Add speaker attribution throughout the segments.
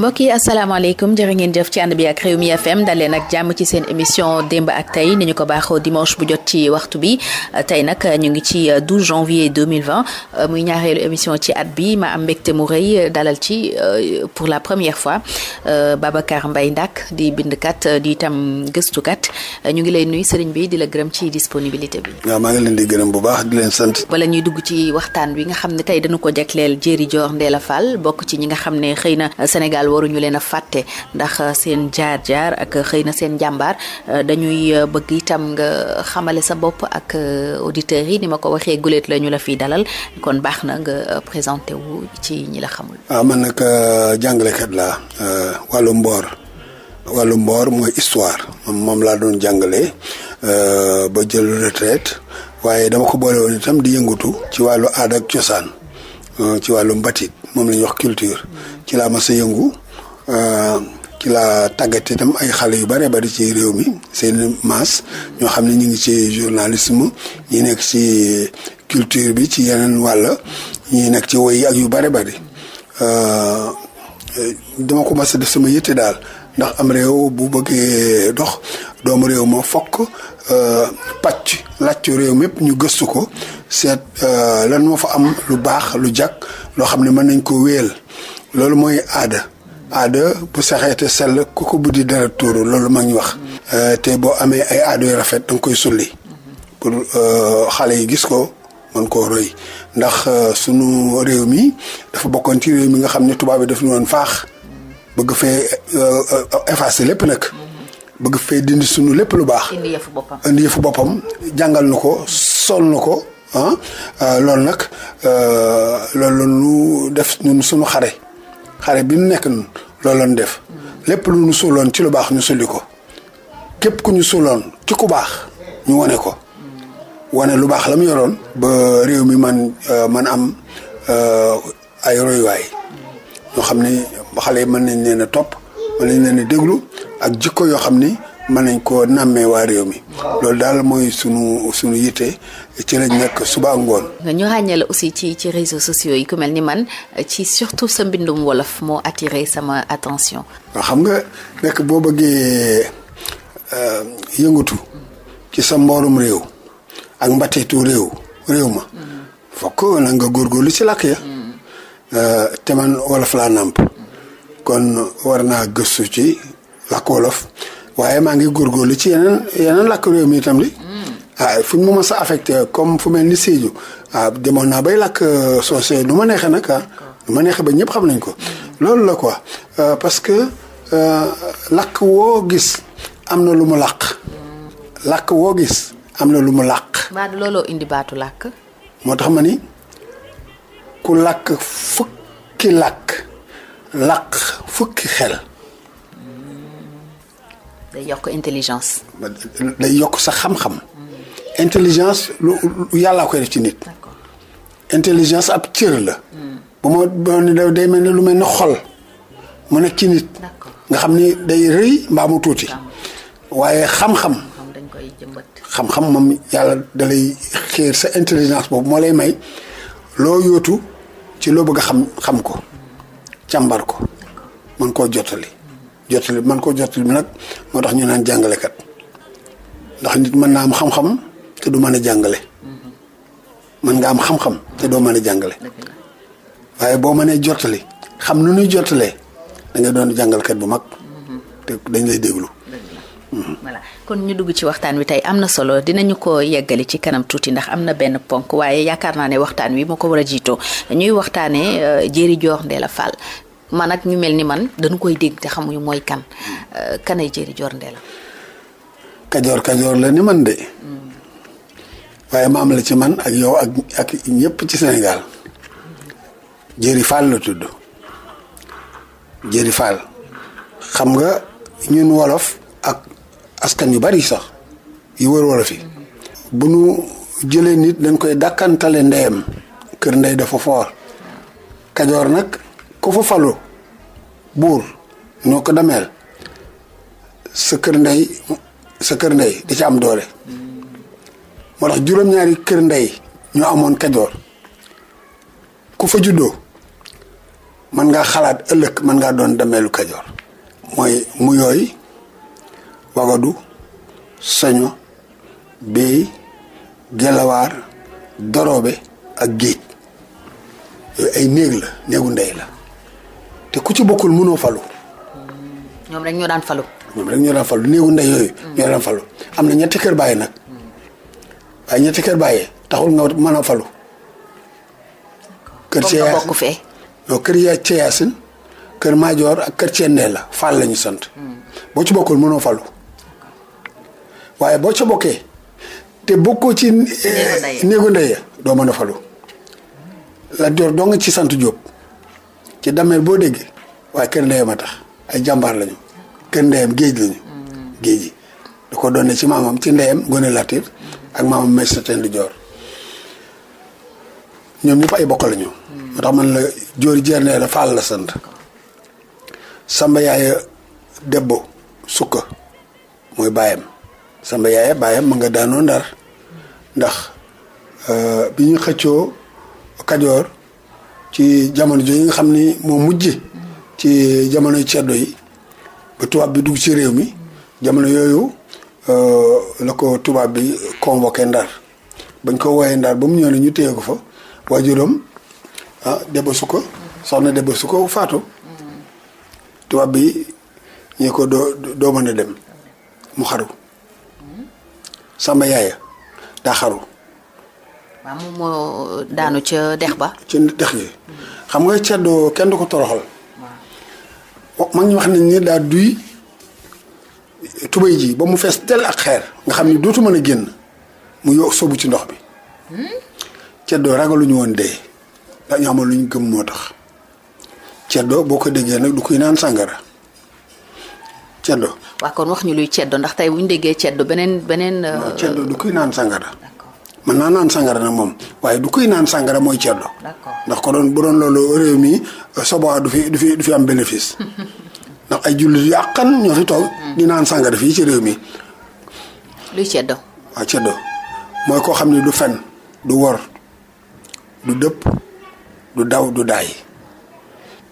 Speaker 1: mbokk yi asalaamaaleykum jërë ngeen jëf ci ànd bi ak Rewmi FM daleen ak jàmm ci seen émission démb ak tey ni ko baaxoo dimanche bu jot ci waxtu bi tey nag ñu ngi ci 12 janvier 2020 euh, muy ñaareelu émission ci at bi ma am mbégte mu rëy euh, dalal ci euh, pour la première fois Babacar mbay Ndack di bindkat di itam gëstukat ñu ngi lay nuyu sëriñ bi di la gërëm ci disponibilité bi.
Speaker 2: waaw maa ngi leen di gërëm bu baax di leen sant.
Speaker 1: bala ñuy dugg ci waxtaan bi nga xam ne tey dañu ko jagleel Jéeri Joor Ndeela Fall bokk ci ñi nga xam ne xëy na Sénégal. daal waruñu leen a fàtte ndax euh, seen jaar-jaar ak euh, xëy na seen jàmbaar euh, dañuy bëgg itam nga xamale sa bopp ak auditeurs yi ni ma ko waxee guléet la ñu la fiy dalal kon baax na nga présenté wu ci ñi la xamul.
Speaker 2: waaw ah, man nag jàngalekat laa wàllu mboor wàllu mboor mooy histoire moom laa doon jàngale ba jël retraite waaye dama ko boolewoon woon itam di yëngatu ci wàllu aada ak cosaan ci wàllu mbatit moom la ñuy wax culture ci laa mas a yëngu euh, ci laa tàggat itam ay xale yu bare bari ci réew mi seen maas ñoo xam ne ñu ngi ci journalisme ñi nekk ci culture bi ci yeneen wàll ñi nekk ci woy ak yu bare bari euh, dama ko mas a def sama yitte daal ndax am réew bu bëggee dox doomu réew ma fokk euh, pàcc làcc réew mépp ñu gëstu ko seet lan moo fa am lu baax lu jag loo xam ne mën nañ koo wéel loolu mooy aada aada bu saxee te sell ku ko buddi dara tuuru loolu mag ñu wax euh, te boo amee ay aada yu rafet da nga koy sulli pour euh, xale yi gis ko mën koo roy ndax euh, sunu réew mi dafa bokkoon ci réew mi nga xam ne tubaab bi dafa ñu woon faax bëgg fee effacer lépp nag bëgg fee dindi sunu lépp lu baax indi
Speaker 1: yëfu boppam indi
Speaker 2: yëfu boppam jàngal na ko sol nu ko ah loolu nag loolu nu def ñun sunu xare xare bi mu nekk nun looloon def lépp lu ñu suuloon ci lu baax ñu sulli ko képp ku ñu suuloon ci ku baax ñu wane ko wane lu baax la mu yoroon ba réew mi man euh, man am euh, ay royuwaay ñoo xam ni xale yi mën nañ leen a topp mën nañ leen a déglu ak jikko yoo xam ni mën nañ koo nàmmee waa réew mi loolu daal mooy sunu sunu yitte ci lañ nekk suba ngoon.
Speaker 1: ñu ràññee la aussi ci ci réseaux sociaux yi ku mel ni man ci surtout sa mbindum wolof moo attiré sama
Speaker 2: attention. waaw xam nga nekk boo bëggee euh, yëngatu ci sa mboorum réew ak mbateetu réew réew ma fokk na nga lu ci làkk ya mm. euh, te man wolof laa nàmp kon war naa gëstu ci làkk wolof. waaye maa ngi góor góorgóorlu ci yeneen yeneen làkk réew mi tam li
Speaker 3: waaw
Speaker 2: mm. ah, fu mu mës a affecté comme fu mel ni Sédhiou waaw ah, demoon naa bay làkk euh, soose nu ma neexee nag ah nu ma neexee ba ñëpp xam nañ ko mm. loolu la ko euh, parce que euh, làkk woo gis am na lu mu làkk mm. làkk woo gis am na lu mu làkk
Speaker 1: maa looloo indi làkk moo tax ma ni ku làkk fukki làkk làkk fukki xel day yokk intelligence.
Speaker 2: day yokk sa xam-xam. intelligence lu yàllaa koy def ci nit. intelligence ak cër la. bu ma doon day mel ni lu mel ni xol mu nekk ci nit. nga xam ni day rëy mbaa mu tuuti. waaye xam-xam. xam-xam moom yàlla da lay sa intelligence boobu moo lay may loo yootu ci loo bëgg a xam xam ko hmm. càmbar ko mën koo jotali jottali man koo jottali bi nag moo tax ñu naan jàngalekat ndax nit mën naa am xam-xam te du mën a jàngale mën nga am xam te doo mën a jàngale waaye boo mënee jottali xam nu ñuy jottalee da nga doon jàngalkat bu mag mm-hmm. te dañ lay déglu mm-hmm.
Speaker 1: kon ñu dugg ci waxtaan wi tey am na solo dinañu ko yeggali ci kanam tuuti ndax am na benn ponk waaye yaakaar naa ne waxtaan wi moo ko war a jiitoo ñuy waxtaanee Diéry euh, Dior Ndéla Fall man ak ñu mel ni man dañu koy dégg te xamuñu mooy kan euh, kanay jëri joor ndee la
Speaker 2: kajoor kajoor la ni man de hmm. waaye ma am la ci man ak yow ak ak ci Sénégal jëri Fall la tudd jëri Fall xam nga ñun wolof ak askan yu bari sax yu wër wolof yi hmm. bu nu jëlee nit dañ koy dàkkantale ndeyam kër ndey dafa foor hmm. kajoor nag ku fa falu buur ñoo ko dameel sa kër ndey sa kër ndey di ci am doole moo tax juróom-ñaari kër ndey ñoo amoon kajoor ku fa juddoo mën ngaa xalaat ëllëg mën ngaa doon dameelu kajoor mooy mu yooy wagadu saño béy gelawaar dorobe ak géej yooyu ay néeg la néegu ndey la te ku ci bokkul mënoo falu.
Speaker 1: ñoom rek ñoo daan falu.
Speaker 2: ñoom rek ñoo daan falu néegu ndey yooyu. ñoo daan falu am na ñetti kër bàyyi nag waaye ñetti kër bàyyi taxul nga mën a falu. kër Ceyaasin bokk fee. kër Maajoor ak kër Cendee la Fall la sant. boo ci bokkul mënoo falu waaye boo ca bokkee te bokkoo ci. néegu ndey eh, doo mën a falu. Lat Joor doo nga ci sant Jóob. ci dameel boo déggee waaye kër ndeyam a tax ay jàmbaar lañu kër ndeyam géej lañu mm. géej da ko doon ne ci maamam ci ndeyam Ngoné Latyr ak maamam Maïssa Tend joor ñoom ñëpp ay bokk lañu mm. moo tax man la Dior Diène la Fall la sant Samba yaaya Debbo Sukka mooy baayam Samba yaaya baayam ma nga daanoo ndar ndax euh, bi ñu xëccoo Kajoor ci jamono jooju nga xam ni moo mujj ci jamono ceddo yi ba tubaab bi dugg ci réew mi jamono yooyu euh, la ko tubaab bi convoqué ndar bañ ko wooyee ndar ba mu ñëw ne ñu téye ko fa waajuram ah débasu ko soxna débasu ko faatu tubaab bi ñu ko doo doo mën a dem mu xaru sama yaaya daa xaru
Speaker 1: waaw moom moo daanu ca
Speaker 2: dex ba. ci dex gi xam nga ceddoo kenn du ko toroxal. waaw mag ñi wax nañ ne daa duy tubay ji ba mu fees dell ak xeer nga xam ni dootu mën a génn mu yo sobu ci ndox bi. Hmm? ceddoo ragaluñu woon dee ndax ñu amoon lu ñu gëm moo tax. ceddo boo ko déggee nag du kuy naan sàngara ceddo.
Speaker 1: waaw kon wax ñu luy ceddo ndax tey bu ñu déggee ceddo beneen beneen.
Speaker 2: Euh, ceddo du kuy naan sàngara. mën naa naan sàngara nag moom waaye du koy naan sàngara mooy ceddo ndax ko doon bu doon loolu réew mi euh, soba du fi du fi du fi am bénéfice ndax ay jullit yu àqan ñoo hmm. naan sàngara fii ci réew mi luy ceddo koo xam ne du fen du wor du dëpp du daw du daay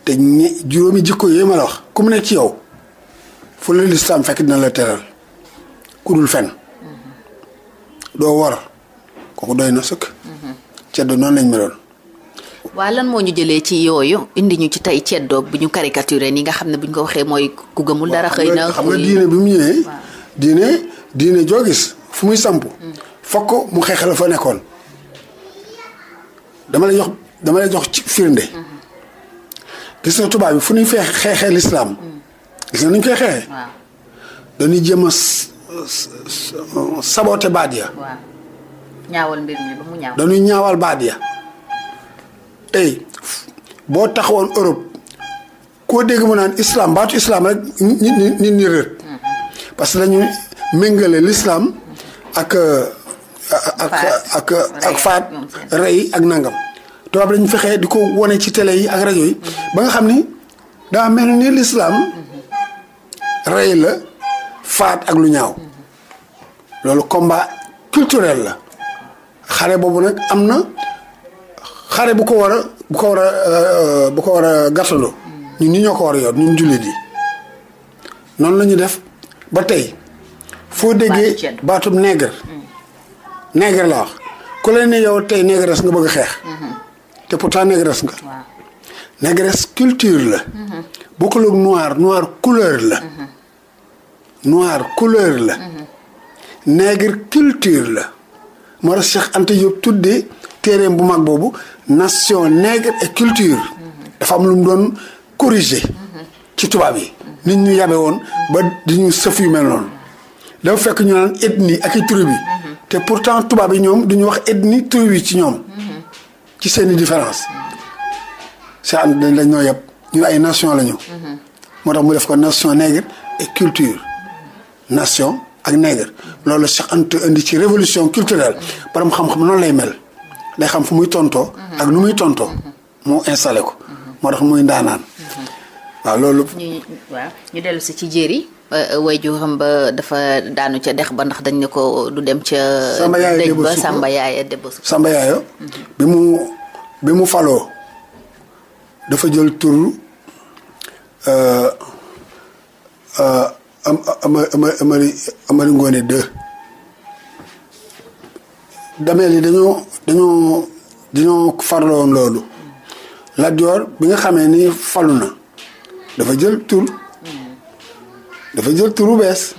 Speaker 2: te ñi juróomi jikko yooyu ma la wax ku mu nekk ci yow fu la lislaam fekk dina la teral ku dul fen hmm. doo wor kooku doy na sëkk. ceddo noonu lañ meloon.
Speaker 1: waa lan moo ñu jëlee ci yooyu indi ñu ci tey ceddoog bu ñu caricaturé ni nga xam ne bu ñu ko waxee mooy ku gëmul dara. xëy na xam nga diine bi mu ñëwee.
Speaker 2: diine diine joo gis fu muy samp. Mm. fokk mu xeex fa nekkoon. dama lay jox dama jox ci firnde. Mm-hmm. gis bi fu ñuy fee xeexee lislaam mm. gis nga ni koy xeexee. dañuy jéem a saboté baat ya. ñaawal mbir dañuy ñaawal baat ya tey boo taxawoon Europe koo dégg mu naan islam baatu islam rek nit ñi nit mm-hmm. parce que dañu méngale lislaam ak. ak ak ak faat rey ak nangam. tubaab lañu fexee di ko wone ci télé yi ak rajo yi mm-hmm. ba nga xam ni daa mel ni lislaam mm-hmm. rey la faat ak lu ñaaw loolu combat culturel la xare boobu nag am na xare bu ko war a bu ko war a euh, bu ko war a gàttaloo ñun ñoo ko war a yor ñun jullit yi noonu la ñu def ba tey foo déggee baatum nègre nègre la wax ku leen ne yow tey négresse nga bëgg a xeex mm-hmm. te pourtant négresse nga négresse culture la mm-hmm. bokkul ak noir noir couleur la mm-hmm. noir couleur la nègre culture la moo tax Cheikh Anta Diop tuddee téereem bu mag boobu nation nègre et culture. dafa am lu mu doon corriger. ci tubaab yi. nit ñu yabe woon ba di ñu sëf yu mel noonu. dafa fekk ñu naan ethnie ak i bi te pourtant tubaab yi ñoom duñu wax ethnie tribu ci ñoom. ci seen i différence. Cheikh Anta dañ ñoo yeb ñu ay nation la ñu. moo tax mu def ko nation nègre et culture nation. ak nègre loolu Cheikh Anta indi ci révolution culturelle borom xam-xam noonu lay mel day xam fu muy tontoo ak nu muy tontoo mu installé ko moo tax muy ndaanaan waaw loolu
Speaker 1: waaw ñu dellu si ci jéer yi euh, euh, way ju xam dafa daanu ca dex ba ndax dañ ne ko du dem ca dëj ba Samba Yaaya Debba Supa
Speaker 2: Samba mhm. bi mu bi mu faloo dafa jël tur euh, am ama amari amari ngoone deux dameel yi dañoo dañoo dañoo farloon loolu Lat bi nga xamee ni falu na dafa jël tur dafa jël turu bees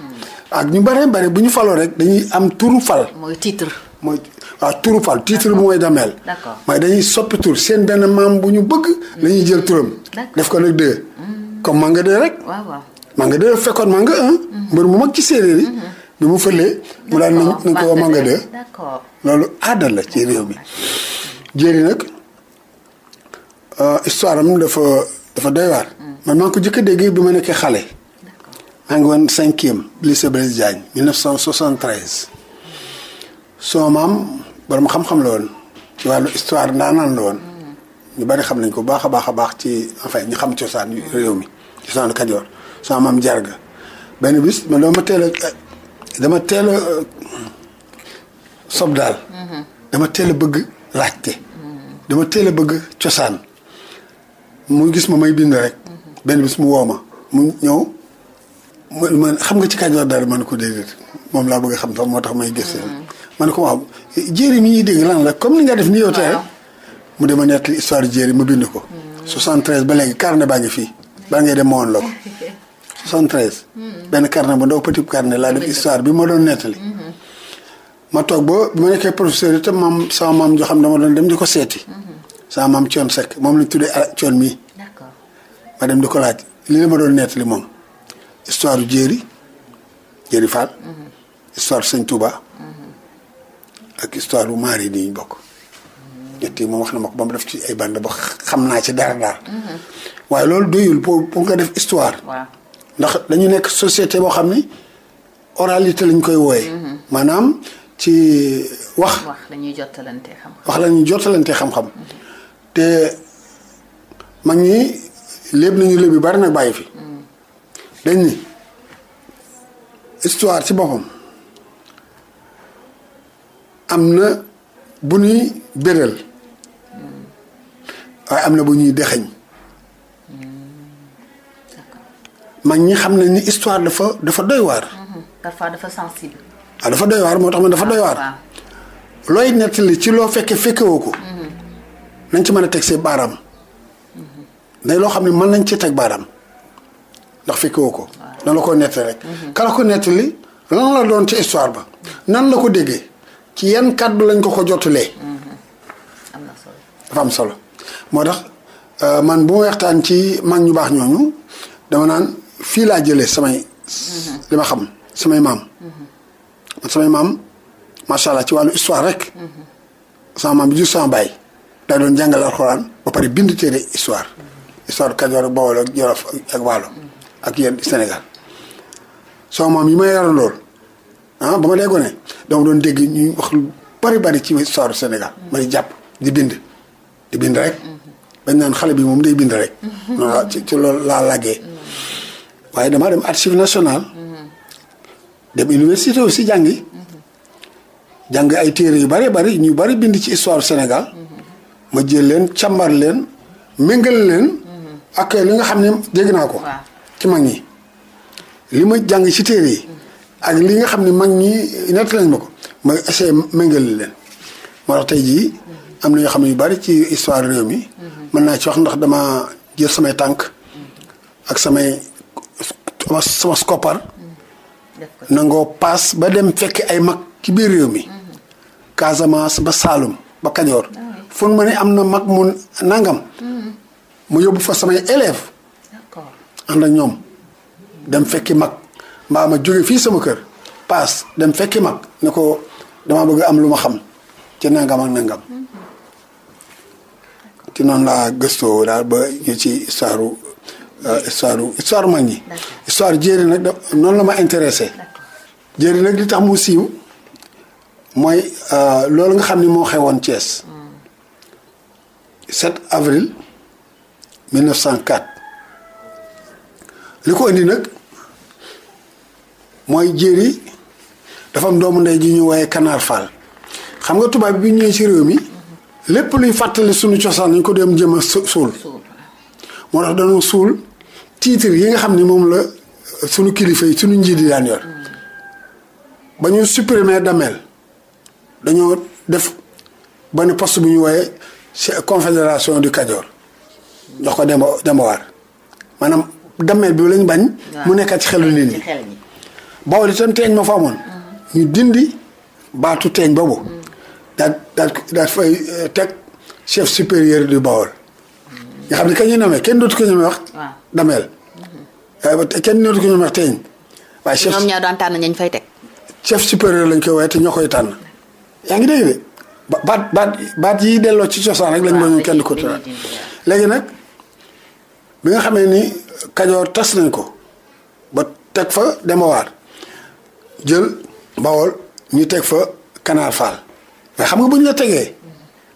Speaker 2: ak ñu bare bare bu ñu faloo rek dañuy am turu fal mooy titre mooy waaw turu fal titre bu mooy dameel mooy dañuy soppi tur seen benn maam bu ñu bëgg lañuy mm. jël turam def ko nag deux mm. comme ma nga dee rek nga 2 fekkoon nga am mbër mu mag ci séeréer yi. bi mu fëlee mu daan nañ ko wax Manga 2. la ci réew mi. jéeri nag euh, histoire am dafa dafa doy waar. Mm. man maa ngi dégg bi ma nekkee xale. maa ngi woon cinquième lycée Blaise Diagne 1973. soo maam borom xam-xam ci wàllu histoire ndaanaan la woon. Mm. ñu bari xam nañ ko baax a baax a baax ci enfin ñu xam cosaan réew mi cosaanu Kajoor. sama maam jarga benn bis man dama teel teela dama teel a sob daal mhm. dama teel bëgg laajte dama teel a bëgg cosaan mu gis ma may bind rek mhm. benn bis mu woo ma mu ñëw man xam nga ci Kajoor daal man ko déedéet moom laa bëgg a xam sax moo tax may gis mhm. ma ne ko waaw jéeri mi ñuy dégg lan la comme li nga def ni yow tey mu dema nettali histoire jéeri mu bind ko 73 ba léegi carnet baa ngi fii baa ngay dem ma woon la ko 73. benn carnet bu ndaw petit carnet laa def histoire bi ma doon nettali. ma toog ba bi ma nekkee professeur itam maam sama maam joo xam dama doon dem di ko seeti. sama maam Thion Seck moom lañ tuddee ah Thion mii. ma dem di ko laaj li la ma doon nettali moom. histoire yu jéeri jéeri Fall. histoire sëñ Touba. ak histoire bu maari yi ñu bokk. ñett yi moom wax na ma ko ba mu def ci ay bande ba xam naa ci dara daal. Mhm. waaye loolu doyul pour pour nga def ndax dañu nekk societé boo xam ni oralité lañ koy wooye mm-hmm. maanaam ci wax. wax
Speaker 1: la ñuy jottalante xam-xam.
Speaker 2: wax la ñuy jottalante xam mm-hmm. te mag ñi lépp nañu léeb yu bari nag bàyyi fi. Mm. dañ ni histoire ci boppam am na bu nuy béral mm. waaye am na bu ñuy dexañ. mag ñi xam nañ ni histoire dafa dafa doy waar. Mhm.
Speaker 1: parfois dafa sensible.
Speaker 2: ah doy waar moo tax man dafa doy waar. Ah, looy nettali ci loo fekkee fekkewoo ko. Mhm. nañ ci mën a teg see baaraam. Mhm. day loo xam ne mën nañ ci teg baaraam ndax fekkewoo ko. nan la ko nettali rek. kala ko nettali lan la doon ci histoire ba. nan la ko déggee ci yan kàddu lañ ko ko jotulee. am dafa am solo moo tax euh, man bu ma waxtaan ci mag ñu baax ñooñu dama naan. fii laa jëlee samay. Mhm. li ma xam samay maam. Mhm. man samay maam macha allah ci wàllu histoire rek. Mhm. sama maam ba pare bind téere histoire. histoire Kajoor ak Bawol ak Jolof ak Waalo ak yi ma yarandool ah ba ma dee gone dama doon dégg ñu wax lu bari bari ci histoire Sénégal ma di jàpp di bind di bind rek bañ naan xale bi moom day bind rek loolu laa laggee waaye damaa dem archive nationale dem université aussi jàngi jàng ay téere yu bari bari ñu bari bind ci histoire Sénégal ma jël leen càmbar leen méngal leen ak li nga xam ne dégg naa ko ci mag ñi li ma jàng ci téere yi ak li nga xam ne mag ñi nett lañ ma ko ma essayé méngal leen moo tax tey jii am na ñoo xam ne yu bari ci histoire réew mi mhm. mën naa ci wax ndax dama jël samay tànk ak samay sama sama koppar nangoo paas ba dem fekk ay mag ci biir réew mi Casamance ba Saalum ba Kajoor fu mu ne am na mag mu nangam mu yóbbu fa samay élève ànd ak ñoom dem fekki mag mbaa ma jóge fii sama kër paas dem fekki mag ne ko dama bëgg am lu ma xam ci nangam ak nangam mhm. ci noonu laa gëstoo daal ba ñu ci saaru Euh, histoire histoire mag ñi. histoire jéeri nag da noonu la ma intéressé. jéeri nag li tax mu siiw mooy euh, loolu nga xam ni moo xewoon Thiès. 7 hmm. avril 1904 li ko indi nag mooy jéeri dafa doomu ndey ji ñu waaye Kanaar Fall xam nga tubaab bi ñëwee ci réew mi hmm. lépp luy fàttali suñu cosaan lañ ko dem jëm a suul moo tax dañoo suul titre yi nga xam ni moom la suñu kilifa yi suñu njiit yi daan yor ba ñu supprimer dameel dañoo def benn poste bu ñu wooyee confédération du Kajoor jox ko Demba Demba maanaam dameel bi lañ bañ. mu nekkat ci xelu nit ñi. bawol itam teeñ ma fa amoon. Mm-hmm. ñu dindi baatu teeñ boobu. Mm-hmm. daal daal fay eh, teg chef supérieur du Bawol. nga xam ne kañ ñuy namee kenn dootu ko wax. waaw kenn dootu ko ñemee wax teeñ. waaye chef fay teg. chef supérieur lañ koy waaye te ñoo koy tànn. yaa ngi dégg de baat baat delloo ci cosaan rek lañ mën ñu kenn ko tëral léegi nag bi nga xamee ni kajoor tas nañ ko ba teg fa demawaar jël bawol ñu teg fa kanaar faal mais xam nga bu ñu la tegee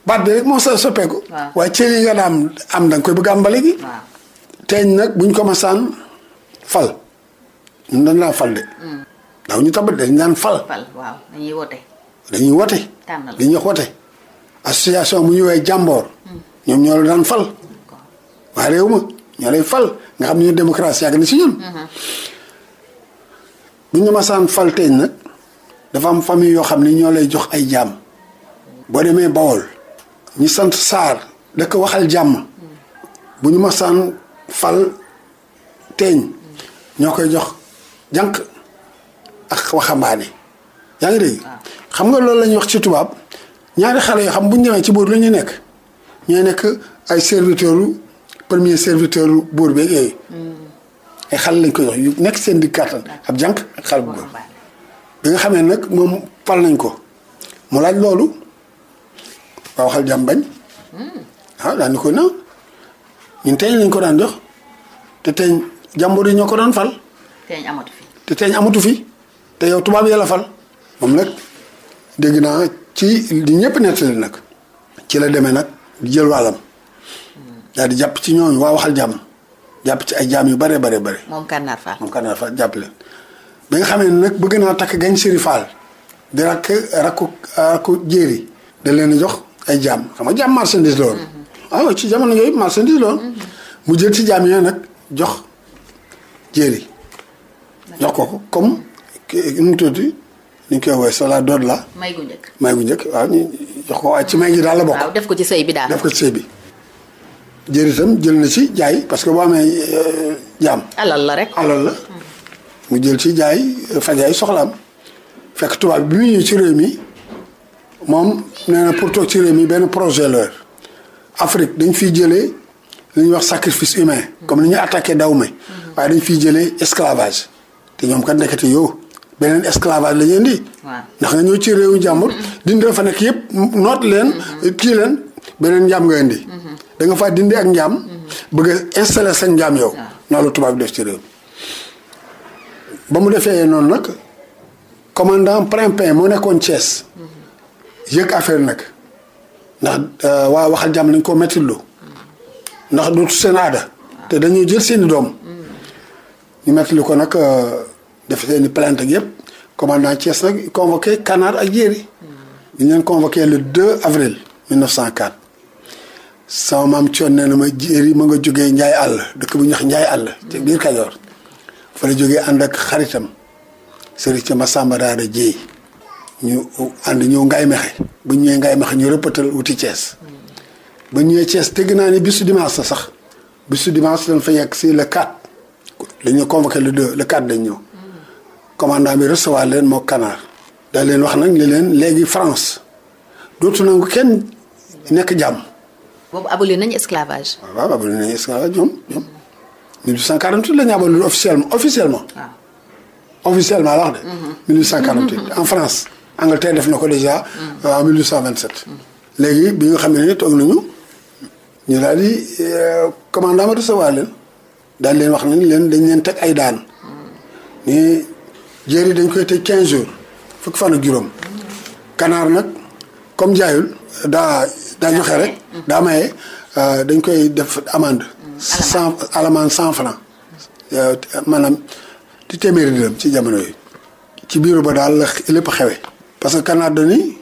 Speaker 2: baat bi rek moo sa soppeeku. waaye cër yi nga daan am da nga koy bëgg am ba léegi. teeñ nag buñ ko masaan fal ñun dañ daan fal mm. ñu tabat dañ daan fal. fal waaw dañuy wote. dañuy wote. association bu ñu woowee jàmboor. Mm. ñoom ñoo la daan fal. waaye réew ñoo lay fal nga xam ne ñu démocratie yàgg na si ñun. Mm-hmm. bu ñu masaan fal teeñ nag dafa am famille yoo xam ne ñoo lay jox ay jaam. boo demee Bawol. ñu sant Saar da ko waxal jàmm bu ñu ma fal teeñ ñoo koy jox jànq ak waxambaane yaa ngi dégg ah. xam nga loolu la ñuy wax ci tubaab ñaari xale yoo xam bu ñu demee ci buur la ñuy nekk ñooy nekk ay serviteur premier serviteur buur beeg hmm. ay xal lañ koy jox yu nekk seen di kàttan ah. ab jànq ak xale bu góor bi nga xamee nag moom fal nañ ko mu laaj loolu waaw waxal jàmm ko na ñun ko daan jox te tey jàmbur yi ñoo ko doon fal. tey te amatu fi te yow tubaab yi moom nag dégg naa ci ñëpp nettali nag ci la demee nag jël waalam daal jàpp ci ñooñu waa waxal jàmm jàpp ci ay jaam yu bare bare bare. moom Kànnaar Faal moom nga xamee ne nag bëgg naa takk gañ sëri Faal di rakk rakku jéeri da leen jox ay jaam xam nga jaam marchandise la woon. waaw ah, ci jamono yooyu marchandise la woon. mu jël ci jaam yooyu nag jox jéeri. jox ko ko comme nu mu tuddati koy woowee sola dood la. may gu njëkk may gu njëkk waaw ñu jox ko waaye ci may gi daal la bokk.
Speaker 1: def ko ci sëy bi daal def ko
Speaker 2: ci sëy bi. jéeri itam jël na ci jaay parce que boo amee euh, jaam. alal la hmm. mu jël ci jaay fajaay soxlaam fekk tubaab bi muy ñëw ci réew mi moom nee na pour toog ci réew mi benn projet leur Afrique dañ fiy jëlee li ñuy wax sacrifice humain comme ni ñuy attaqué dawme waaye dañ fiy jëlee esclavage te ñoom kat nekkati yow beneen esclavage la ñuy ndax nga ñëw ci réewu jàmbur. dindi fa nekk yëpp noot leen. kii leen beneen njaam nga indi. da nga faa dindi ak njaam. bëgg a installé sa njaam yow. noonu la tubaab def ci réew ba mu defee noonu nag commandant Prempeh moo nekkoon Thiès. yëg affaire nag ndax euh, waa waxal jàmm nañ koo métti ndax du seen aada te dañuy jël seeni doom ñu métti ko nag euh, def seeni plainte ak yëpp commandant Thiès nag convoqué Canard ak Yéri ñu leen convoqué le avril sama maam Thion nee na ma Yéri ma nga jógee Njaay àll dëkk bu ñax Njaay àll ci biir Kajoor fa la jógee ànd ak xaritam sëriñ ca Masamba Daara Jéey ñu ànd ñëw ngay mexe bu ñu ñëwee ngay mexe ñu rëppatal wuti Thiès ba ñu ñëwee Thiès dégg naa ni bisu dimanche la sax bisu dimanche dañ fa yegg si le 4 dañu convoqué le 2 le 4 dañ ñëw commandant bi recevoir leen moo Canaar daa wax nag ne leen léegi France dootu nangu kenn nekk jàmm. boobu aboli nañu esclavage. waaw aboli nañu esclavage ñoom ñoom 1848 la ñu aboli officiellement officiellement. officiellement la wax de. 1848 mm-hmm. en France. Angleterre def na ko déjà. Mm. Euh, en 1827. léegi bi nga xam ne nii toog nañu ñu daal di euh, commandant ma recevoir leen daal leen wax ne leen dañ leen teg ay daan ni jéeri dañ koy tëj 15 jours fukki fan ak juróom. kanaar nag comme jaayul daa daa joxe rek. daa maye euh, dañ koy def amende. Mm. cent alamande cent franc. maanaam di téeméeri dërëm ci jamono yi ci biiru ba daal lépp xewe parce que Canardoni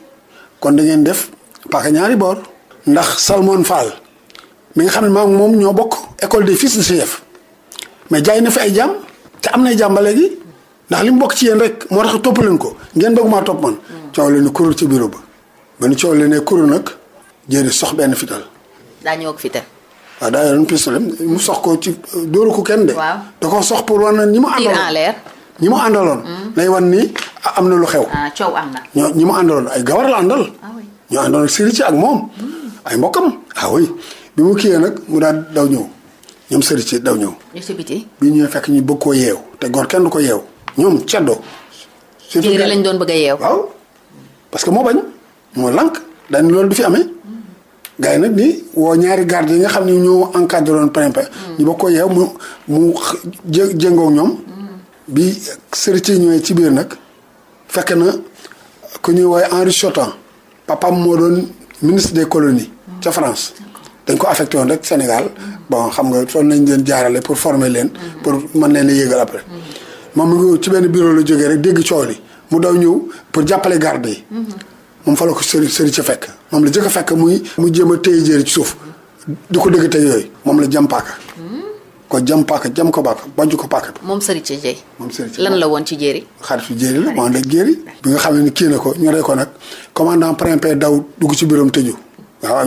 Speaker 2: kon da ngeen def paaka ñaari boor. ndax Salmon Fall mi nga xam ne maa moom ñoo bokk école des fils de chef mais jaay na fi ay jàmm te am na jàmm ba léegi ndax li mu bokk ci yéen rek moo tax topp leen ko ngeen bëgg maa topp man. coow leen kuréel ci bureau ba ba nu coow leen ne nag jéeri sox benn fital. daa ñëw ak fital. waaw daa yoroon pistolet mu sox ko ci dóoru ko kenn de. waaw da koo sox pour war na mu. àndoon tir en ñi mu àndaloon. lay hmm. wan ni am na lu xew. Ah, coow am ñoo ñi mu àndaloon ay gawar la àndal. Ah, ñoo àndaloon sëriñ ci ak moom. Hmm. ay mbokkam ah bi mu kiiyee nag mu daa daw ñëw ñoom sëriñ ci daw ñëw. ñu si biti. fekk ñu bëgg koo yeew te góor kenn du ko yeew ñoom ceddoo. surtout
Speaker 1: lañ doon bëgg a yeew. waaw
Speaker 2: parce que moo bañ moo lànk daan loolu du fi amee. Hmm. gars yi nag ni woo ñaari garde yi nga xam ne ñoo encadré woon ñu bokk ko yeew mu mu jë jëngoo ñoom. bi ci ñëwee ci biir nag fekk na ku ñuy woowee Henri Chotan papam moo doon ministre des colonies ca France dañ ko affecté woon rek Sénégal bon xam nga foog nañ leen jaarale pour former leen pour mën leen a yégal après moom mu ngi ci benn bureau la jógee rek dégg coow li mu daw ñëw pour jàppale garde yi moom fa la ko sëri sëri ca fekk moom la jëkk a fekk muy mu jéem a téye jéeri ci suuf du ko dëgg te yooyu moom la jàmpaaka ko jam paaka jam ko baaka bojj ko paaka bi. moom sëriñ ci jéeri. lan la woon ci jéeri. xaritu jéeri la moo ànd ak jéeri. xam ne kii na ko ñu rey ko nag commandant Prempeh daw dugg ci biiram tëju.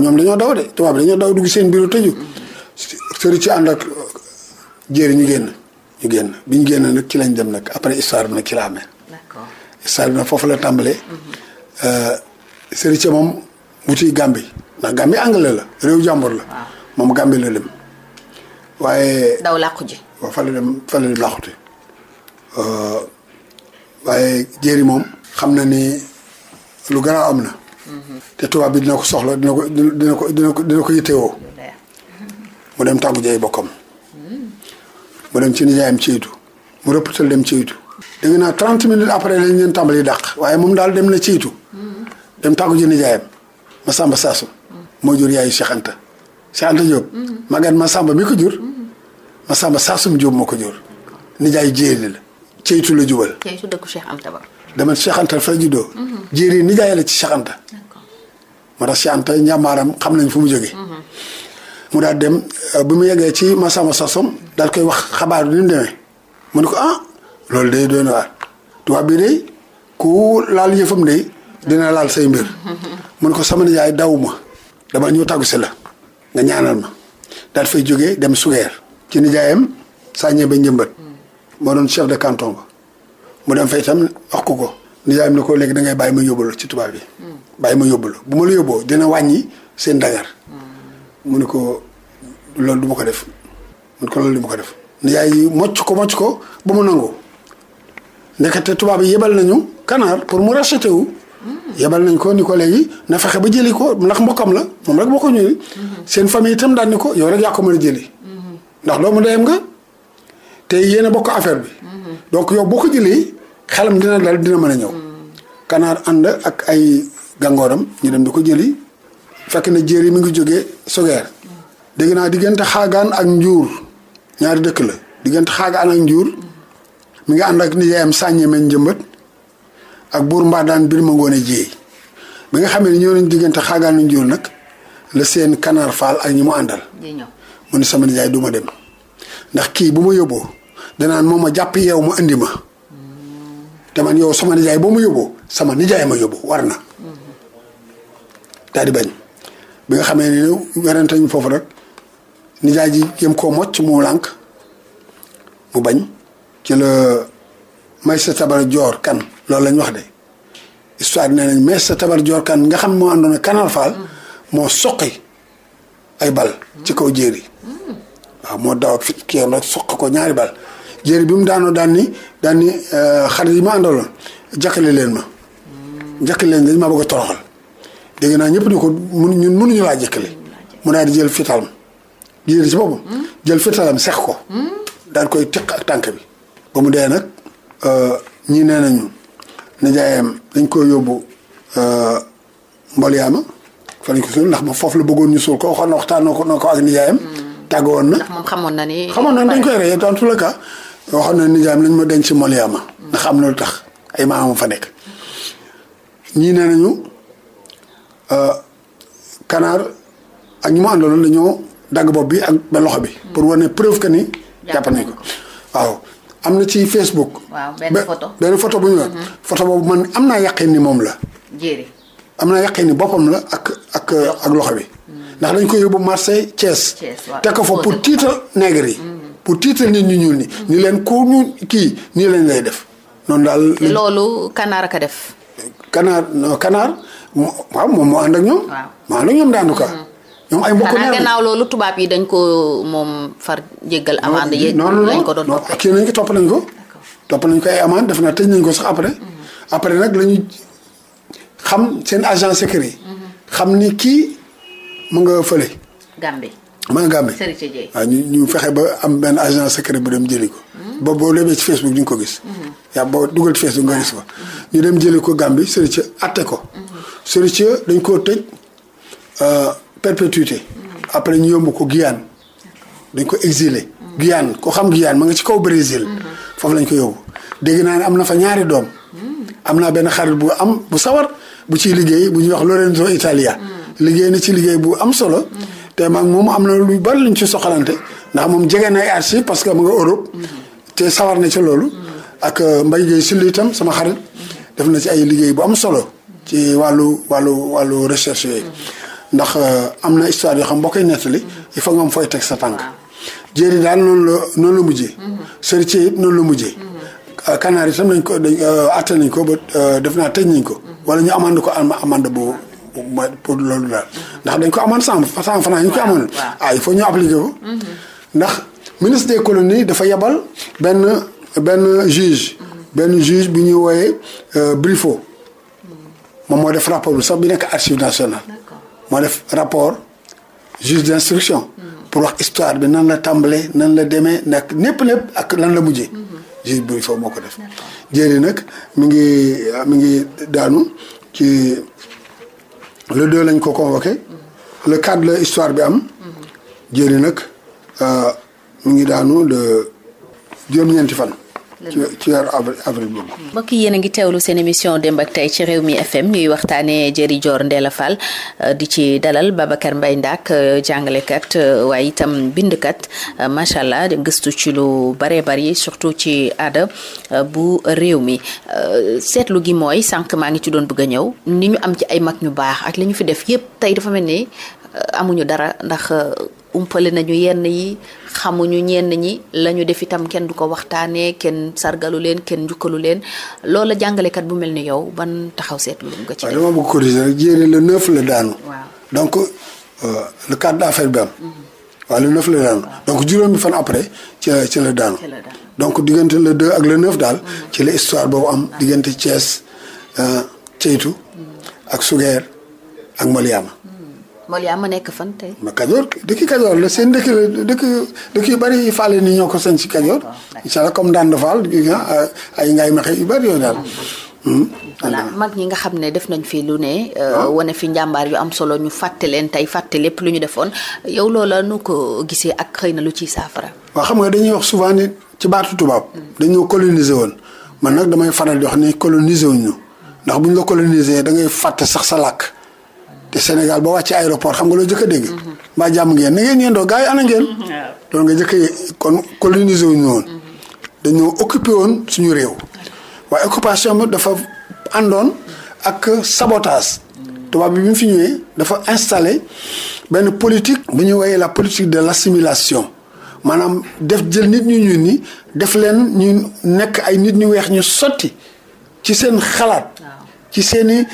Speaker 2: ñoom dañoo daw de tubaab bi dañoo daw dugg seen bureau tëju. sëriñ ci ànd ak euh, jéeri ñu génn. ñu génn bi ñu génn nag ci lañ dem nag après histoire bi nag ci la amee. d'accord histoire bi nag foofu la tàmbalee. Mhm. Euh, sëriñ ci moom wuti Gambie ndax Gambie anglais la réew jàmbur la. moom Gambie la dem. waaye. daw làqu ji. waaw fa la dem fa la dem làquti euh, waaye jéeri moom. xam na ni lu garaaw am na. Mhm. te tubaab bi dina ko soxla dina ko dina ko dina ko dina mu dem tàggu jay bokkam. Mm. mu dem ci nijaayam ciitu mu rëpp rëppatal dem ciitu dégg naa trente minutes après lañ leen tàmbali dàq waaye moom daal dem na ciitu mm. dem tàggu ji nijaayam Masamba Saasu mm. moo jur yaayu Cheikh Cheikh Anta Diop. Mm-hmm. Maguette Massamba mi ko jur.
Speaker 1: Mm-hmm.
Speaker 2: Massamba Saasum Diop moo ko jur. nijaay jéeri la. ceytu la jubal.
Speaker 1: ceytu dëkku Cheikh
Speaker 2: dama Cheikh Anta fa juddoo. Mm-hmm. jéeri nijaay la ci Cheikh moo tax Cheikh njàmbaaram xam nañ fu mu jógee. mu daal dem euh, bi mu yeggee ci Massamba Saasum daal koy wax xabaar bi ni mu mu ne ko ah loolu day doy na waar tubaab bii day ku laal yëfam day dina laal say mbir. mu ne ko sama nijaay daw ma dama ñu tàggu si la. nga ñaanal ma daal fay jógee dem sugeer ci nijaayam sàññee ba njëmbat moo doon chef de canton ba mu dem fay itam wax ko ko nijaayam ne ko léegi da ngay bàyyi ma yóbbu la ci tubaab bi bàyyi ma yóbbu la bu ma la yóbboo dina wàññi seen dangar mu ne ko loolu du ko def mu ne ko loolu du ko def nijaay yi mocc ko mocc ko ba mu nangu nekkate tubaab yi yebal nañu Canaar pour mu racheter yebal nañ ko ni ko léegi na fexe ba jëli ko ndax mbokkam la moom rek bokkuñu ni seen famille itam daan ni ko yow rek yaa ko mën a jëli ndax doomu ndeyam nga te yéen a bokk affaire bi donc yow boo ko jëlee xelam dina dal dina mën a ñëw kanaar ànd ak ay gàngooram ñu dem di ko jëli fekk na jéer mu ngi jógee sogeer dégg naa diggante xaagaan ak njuur ñaari dëkk la diggante xaagaan ak njuur mi ngi ànd ak nijaayam sàññemen njëmbat ak buur mbaadaan bir ma ngoon a jiyee nga xam ne ñëw nañ diggante xaagaan nañ jóol nag la seen kanaar faal ak ñi mu àndal mu ne sama nijaay du ma dem ndax kii bu ma yóbboo danaan moom ma jàpp yeew ma indi ma te man yow sama nijaay boo ma yóbboo sama nijaay ma yóbbu war na daal di bañ bi nga xamee ne werante ñu foofu rek nijaay ji jëm koo mocc mu lànk mu bañ ci la may sa tabara joor kan loolu lañ wax de histoire nee nañ mais sa tabar joorkan nga xam moo àndoon ak Kanal Fall moo soqi ay bal ci kaw jéeri waaw moo daw fi kii rek soq ko ñaari bal jéeri bi mu daanoo daan ni daan euh, yi ma àndaloon jàkkale leen ma jàkkale leen dañ ma bëgg a toroxal dégg naa ñëpp ni ko mun ñu mënuñu laa jëkkale mu daal di jël fitalam jéeri ci boppam jël fitalam sex ko hmm? daal koy tiq ak tànk bi ba mu dee nag euh, ñi nee nañu nijaayam dañ ko yóbbu euh, Mboliyaama fa lañ ko suul ndax ma foofu la bëggoon ñu suul ko waxoon na waxtaan na ko na ko ak nijaayam. Hmm. tàgg woon na
Speaker 1: xamoon na ni. xamoon na dañ koy
Speaker 2: rey dans tous les cas waxoon na nijaayam lañ ma denc Mboliyaama. Hmm. ndax am na lu tax ay maamam fa nekk. ñii nañu euh, kanaar ak ñu mu àndaloon dañoo dagg bopp bi ak ba loxo bi. Hmm. pour wane preuve que ni. jàpp waaw. am na ci Facebook.
Speaker 1: waaw benn photo
Speaker 2: benn photo bu ñu la. Mm-hmm. photo boobu man am naa yaqin ni moom la. jéeri am naa yaqin ni boppam la ak ak ak loxo bi. Mm. ndax dañ ko yóbbu marché Thiès. te fa pour tiital nègre mm-hmm. pour tiital nit ñu ñuul ni ñu leen ku ñu kii nii lañ lay def. noonu daal loolu
Speaker 1: kanaar ka def.
Speaker 2: kanaar kanaar waaw moom moo ànd ak ñoom. waaw ànd ak ñoom daanaka. Mm-hmm. ñoom ay mbokku nervi gannaaw
Speaker 1: loolu tubaab yi dañ ko moom far jéggal amande yi lañ
Speaker 2: ko doon topp kii nañ ko topp nañ ko topp nañ ko ay amande def naa tëj nañ ko sax après mhm. après nag la ñu xam seen agent secret mhm. xam ni kii mu nga fële Gambie ma nga Gambie waaw ñu ñu fexe ba am benn agent secret bu dem jëli ko mhm. ba boo demee ci Facebook ñu ngi ko gis yaa boo dugal ci Facebook nga gis ko ñu dem jëli ko Gambie Serigne atte ko Serigne dañ koo tëj euh, perpétuité après ñu yóbbu ko Guyane dañ ko exile Guyane ko xam Guyane ma nga ci kaw Brésil foofu lañ ko yóbbu dégg naa ne am na fa ñaari doom am naa benn xarit bu am bu sawar bu ci liggéey bu ñuy wax Lorenzo Italia liggéey na ci liggéey bu am solo te mag moom am na lu bari luñ ci soxalante ndax moom na ay parce que mu nga te sawar na ci loolu ak euh, Mbaye si Sylla itam sama xarit def na ci ay liggéey bu am solo ci wàllu wàllu wàllu recherche yooyu ndax euh, am na histoire yoo xam boo koy nettali il faut nga am fooy teg sa tànk jéeri daal noonu la noonu la mujjee seritier yëpp noonu la mujjee euh, kanaar itam nañ ko dañ euh, atte nañ ko ba def naa tëj nañ ko wala ñu amande ko am amande bu pour loolu daal ndax dañ ko amande cent cent franc ñu ko amande ah il faut ñu appliquer ko ndax ministre des colonies dafa yebal benn benn juge benn juge bu ñuy wooyee Brifo moom moo def rapport bi sax bi nekk archive nationale moo def rapport juge d'instruction. pour wax histoire bi nan la tàmbalee nan la demee nag népp népp ak lan la mujjee. juge bi foofu moo ko def. jéeri nag mi ngi mi ngi daanu ci le deux lañ ko convoqué. le cadre bi am. Mhm. nag euh, mi ngi daanu le ñeenti fan. ci ci weeru
Speaker 1: mbokk yéen a ngi teewlu seen émission démb ak tey ci réew mi FM ñuy waxtaanee Jëri Joor Ndeela Fall euh, di ci dalal Babacar Mbaye Ndack euh, jàngalekat euh, waaye itam bind kat macha allah gëstu ci lu bare bari surtout ci aada bu réew mi seetlu gi mooy sànq maa ngi ci doon bëgg a ñëw ni ñu am ci ay mag ñu baax ak li ñu fi def yépp tey dafa mel ni Euh, amuñu dara ndax euh, umpale nañu yenn yi xamuñu ñenn ñi lañu ñu def itam kenn du ko waxtaanee kenn sargalu leen kenn njukkalu leen loola jàngalekat bu mel ni yow ban taxaw seetlu nga ci. waaw
Speaker 2: dama le neuf la daanu. donc euh, le cadre d'affaire bi am. Mhm. waaw le neuf la donc juróomi fan après ci ci la daanu. donc diggante le deux ak le neuf daal. Mhm. ci la histoire boobu am diggante Thiès Ceytu. Mhm. ak Sugeer ak Maliama.
Speaker 1: Moliya ma nekk fan tey.
Speaker 2: ma Kajoor dëkki Kajoor la seen dëkk la dëkk dëkk yu bari Fall yi nii ñoo ko sañ si Kajoor. incha allah comme Ndande Fall ay ngay mexe yu bari yooyu daal.
Speaker 1: Hmm, mag ñi nga xam ne def nañ fi lu ne. Euh, ah. wane fi njàmbaar yu am solo ñu fàtte leen tey fàtte lépp lu ñu defoon yow loola nu ko gisee ak xëy na lu ciy saafara.
Speaker 2: waa xam nga dañuy wax souvent ni ci baatu tubaab. Hmm. dañoo coloniser woon man nag damay faral di wax ne coloniser wuñ ñu ndax la coloniser da ngay fàtte sax sa te Sénégal ba wàcce aéroport xam nga loo jëkk a dégg. mbaa jàmm ngeen ni ngeen yendoo gars yi ana ngeen. loolu nga jëkk a kon coloniser wu ñu woon. dañoo occupé woon suñu réew. waaye occupation bi dafa àndoon ak sabotage. tubaab bi bi fi ñëwee dafa installé benn politique. bu ñu woyee la politique de l' assimilation maanaam def jël nit ñu ñun ni def leen ñu nekk ay nit ñu weex ñu sotti ci seen xalaat. ci seen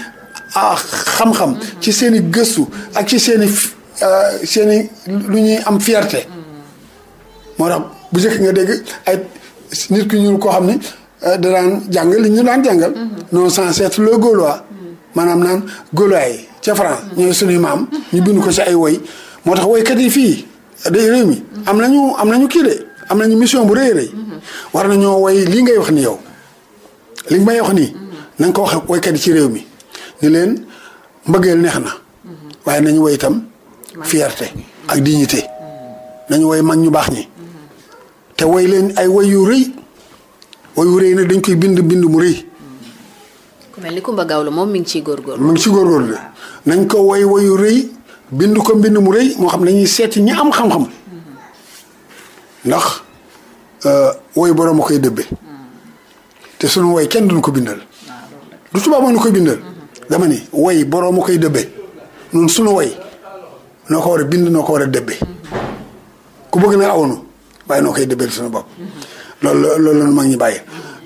Speaker 2: ah xam-xam ci seeni gëstu ak ci seeni i ah, seen lu ñuy am fierté moo tax bu njëkk nga dégg ay nit ku ñu koo xam ne ah, danaan jàng li ñu daan jàngal non sans être le gaulois maanaam naan gaulois yi ca France ñooy suñuy maam ñu bind ko ci ay woy moo tax woykat yi fii day réew mi am nañu am nañu kii de am nañu mission bu rëy rëy war nañoo woy lii ngay wax ni yow li nga may wax nii na ko wax woykat yi ci réew mi ni leen mbëggeel neex na waaye nañu woy itam fierté ak dignité nañu woy mag ñu baax ñi te woy leen ay woy yu rëy woy yu rëy dañ koy bind bind mu rëy
Speaker 1: ni Kumba Gawlo moom mi ngi ciy góorgóorlu
Speaker 2: mi nañ ko woy woy yu rëy bind ko mbind mu rëy moo xam nañuy seeti ñi am xam-xam ndax euh, woy boroom a koy dëbbe te sunu woy kenn duñu ko bindal du tubaab nu koy bindal dama ni woy boroomu koy dëbbe ñun sunu woy noo ko war a bind noo ko war a dëbbe ku bëgg na awnu waaye noo koy dëbbeel suñu bopp loolu loolu la mag ñi bàyyi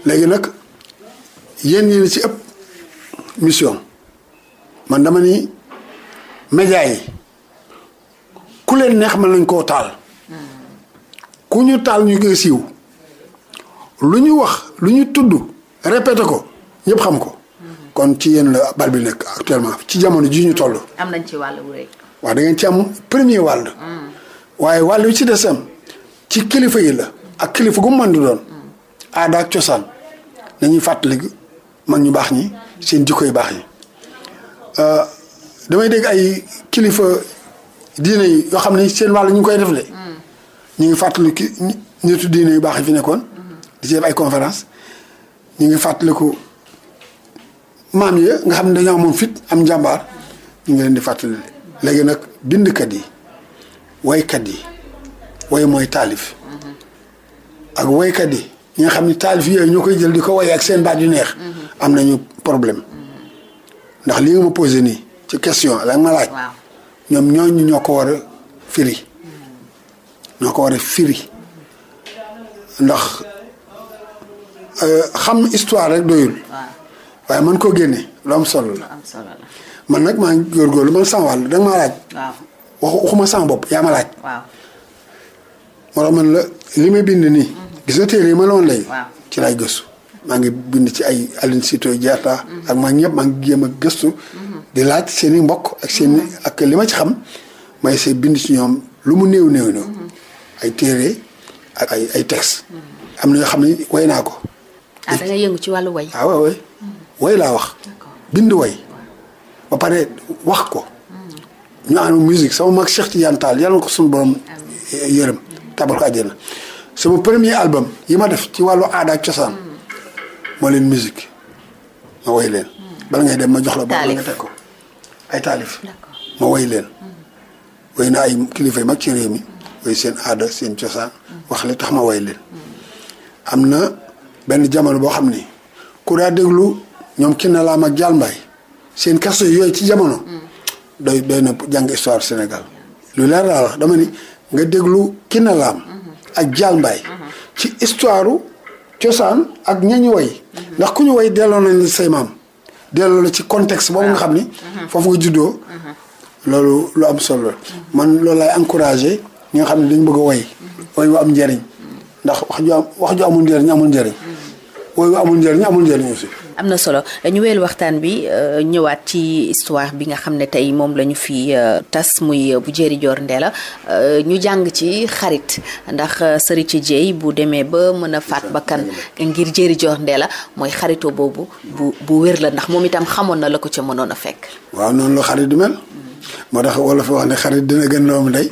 Speaker 2: léegi nag yéen yéen ci ëpp mission man dama ni média yi ku leen neex mën lañ koo taal ku ñu taal ñu koy siiw lu ñu wax lu ñu tudd répété ko ñëpp xam ko kon ci yéen la bal bi nekk actuellement ci jamono ji ñu toll.
Speaker 1: am nañ ci wàll wu rëy.
Speaker 2: waaw da ci am premier wàll. Mm. waaye wàll wi ci desam ci kilifa yi la. ak kilifa gu mën di doon. Mm. aada ak cosaan nañuy fàttali mag ñu baax ñi seen jikko yu baax yi euh, damay dégg ay kilifa diine yi yoo xam ne seen wàll ñu ngi koy defle
Speaker 3: mm.
Speaker 2: ñu ngi fàttaliku nitu diine yu baax yi fi nekkoon. di ci ay conférence ñu ngi fàttaliku maam yi nga xam ne dañoo amoon fit am njàmbaar ñu ngi leen di fàttali léegi nag bindkat yi waykat yi way mooy taalif ak waykat yi ñi nga xam ne taalif yooyu ñoo koy jël di ko waye ak seen baat yu neex am nañu problème ndax li nga ma posé nii ci question lañ ma laaj ñoom ñooñu ñoo ko war a firi ñoo ko war a firi ndax euh, xam histoire rek doyul waaye man koo génne lu am solo la. man nag maa ngi góorgóorlu man sama wàll danga maa laaj. waaw waxu waxuma sama bopp yaa ma laaj. moo tax man la li may bind nii. Mhm. yi ma la woon gëstu. maa ngi bind ci ay Aline Sitoé Diatta. Mhm. maa ñëpp maa ngi jéem a gëstu. Mhm. di laaj seeni mbokk ak seen ak li ma ci xam. ma essayé bind ci ñoom lu mu néew néew néew. ay téere ak ay ay am na yoo xam ne way naa ko.
Speaker 1: ah da nga
Speaker 2: way laa wax bind way ba pare wax ko ñu ànd musique sama mag Cheikh Tidiane Tall yàlla na ko suñu borom yërëm tabal ko àjjana sama premier album yi ma def ci wàllu aada ak cosaan moo leen musique ma woy leen bala ngay dem ma jox la ba nga teg ko ay taalif ma woy leen woy na ay kilifa yu mag ci réew mi woy seen aada seen cosaan wax li tax ma woy leen am na benn jamono boo xam ni ku daa déglu ñoom Kiné Lam ak Dial Mbaye seen kaso yooyu ci jamono. Mm. doy doy na jàng histoire Sénégal. lu leer laa wax dama ni nga déglu Kiné mm-hmm. ak Dial Mbaye mm-hmm. ci histoire cosaan ak ñañu way. Mm-hmm. ndax ku ñu way delloo nañ say maam. delloo la ci contexte boobu nga xam ni. foofu nga juddoo. loolu lu am solo man loolu laay encouragé ñi nga xam ne dañ bëgg a woy way wu am njëriñ. ndax wax ju am wax ju amul njëriñ amul wala amul njëriñ amul njëriñ aussi.
Speaker 1: am na solo ñu wéyal waxtaan bi euh, ñëwaat ci histoire bi nga xam ne tey moom lañu ñu fi euh, tas muy euh, bu Jéeri Joor Ndeela ñu jàng ci xarit ndax sëri ci bu demee ba mën a faat bakkan ngir Jéeri Joor Ndeela mooy xaritoo boobu bu bu wér la ndax moom itam xamoon na la ko ca mënoon a
Speaker 2: fekk. waaw noonu la xarit di mel. moo tax wala fi wax ne xarit dina gën doomu ndey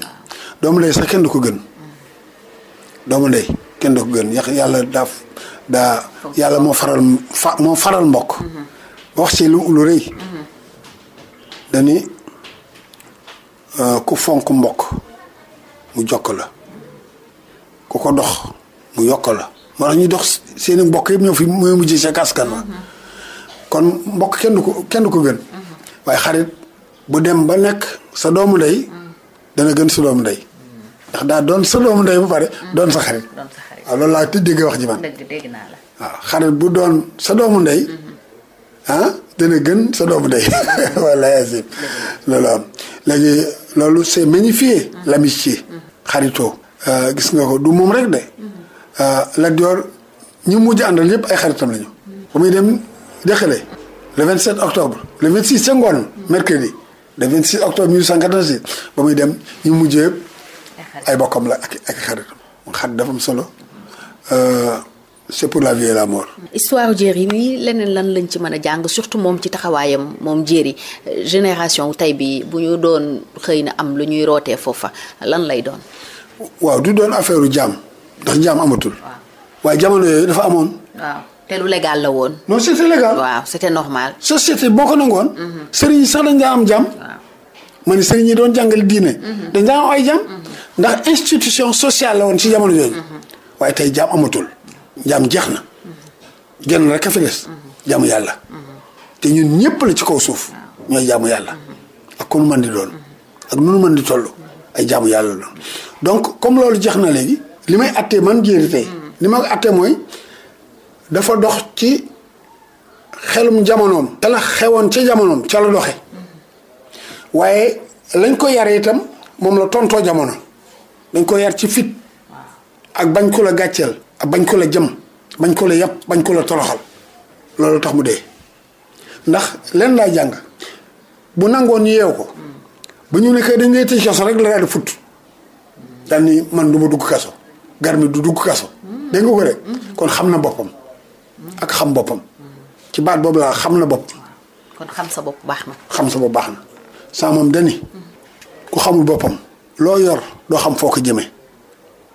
Speaker 2: doomu ndey sax kenn du ko gën doomu ndey kenn du ko gën yàlla daaf. daa yàlla moo faral fa moo faral mbokk. Mm-hmm. wax ci lu lu rëy. Mm-hmm. dañuy euh, ku fonk mbokk mu jokk la ku ko dox mu yokk la. moo tax ñuy dox seeni mbokk yëpp ñoo fi mooy mujj ci kaskan ma mm-hmm. kon mbokk kenn ko kenn du ko gën. waaye xarit bu dem ba nekk sa doomu ndey mm. dana gën sa doomu ndey mm. ndax daa doon sa doomu ndey ba pare mm. doon sa xarit. waaw ah, loolu laa te dégg ji man. dëgg dégg ah, xarit bu doon sa doomu ndey. Mm-hmm. ah dana gën sa doomu ndey. Mm-hmm. wala yasib loolu am léegi loolu c'est magnifié. Mm-hmm. l'amitié. xaritoo. Ah, gis nga ko du moom rek de. la Dior ñu mujj àndal yëpp ay xaritam lañu. ba muy dem dëkkale. le 27 octobre. le 26 ca ngoon. mercredi le 26 octobre 1886. ba muy dem ñu mujj yëpp ay bokkam la ak ak xaritam. xarit dafa am solo. Euh, c'est pour la vie et la mort.
Speaker 1: histoire jéeri nii leneen lan lañ ci mën a jàng surtout moom ci taxawaayam moom jéeri génération tey bi bu ñu doon xëy na am lu ñuy rootee foofa lan lay doon.
Speaker 2: waaw du doon affaire u ndax jaam amatul. waaye jamono yooyu dafa amoon.
Speaker 1: waaw te lu la woon. non c'était légal. waaw c'était normal. société boo ko
Speaker 2: mhm. am jàmm ma ne sëriñ doon jàngale diine. Mhm. dañ daa ay jaam. Mhm. ndax institution sociale la woon ci jamono yooyu. waaye tey jaam amatul jaam jeex na genn rek a fi des yàlla te ñun ñëpp la ci kaw suuf ñooy jaamu yàlla ak ku nu mën di doon ak nunu mën di toll ay jaamu yàlla doon donc comme loolu jeex na léegi li may attee man jéeri tey li ma attee mooy dafa dox ci xelum jamonoom te la xewoon ca jamonoom ca la doxe waaye lañ ko yare itam moom la tontoo jamono dañ ko yar ci fit ak bañ ko la gàcceel ak bañ ko la jëm bañ koo la yàpp bañ ko la toroxal loolu tax mu dee ndax leen laa jàng bu nangoon ñu ko ba ñu ne kay dañ lay tëj kaso rek la daal di fut daal man du dugg kaso garmi du dugg kaso dégg nga ko rek kon xam na boppam ak xam boppam ci baat boobu laa xam na bopp
Speaker 1: kon xam sa bopp baax na
Speaker 2: xam sa bopp baax na saa moom dani ku xamul boppam loo yor doo xam foo ko jëmee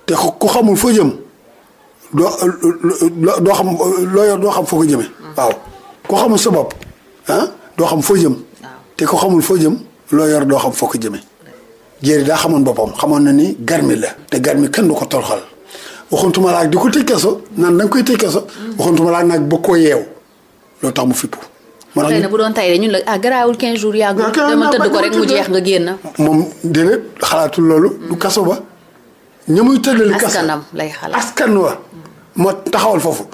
Speaker 2: te ku xamul foo jëm doo doo xam loo yor doo xam foo ko jëmee. waaw ku xamul sa bopp ah doo xam foo jëm. te ku xamul foo jëm loo yor doo xam foo ko jëmee. jéeri daa xamoon boppam xamoon na ni garmi la. te garmi kenn du ko tolxal waxuntuma laag di ko tëj kaso naan da koy tëj kaso. waxuntuma laag nag bëgg koo yeew loolu tax mu fippu. moo tax
Speaker 1: bu doon tay ñun la ah garaawul 15 jours yàggul dama tëdd ko rek mu jeex nga génn.
Speaker 2: moom déedéet xalaatul loolu. du mm. kaso ba. ñu muy tëddal kaso askanam lay xalaat askan wa moo taxawal foofu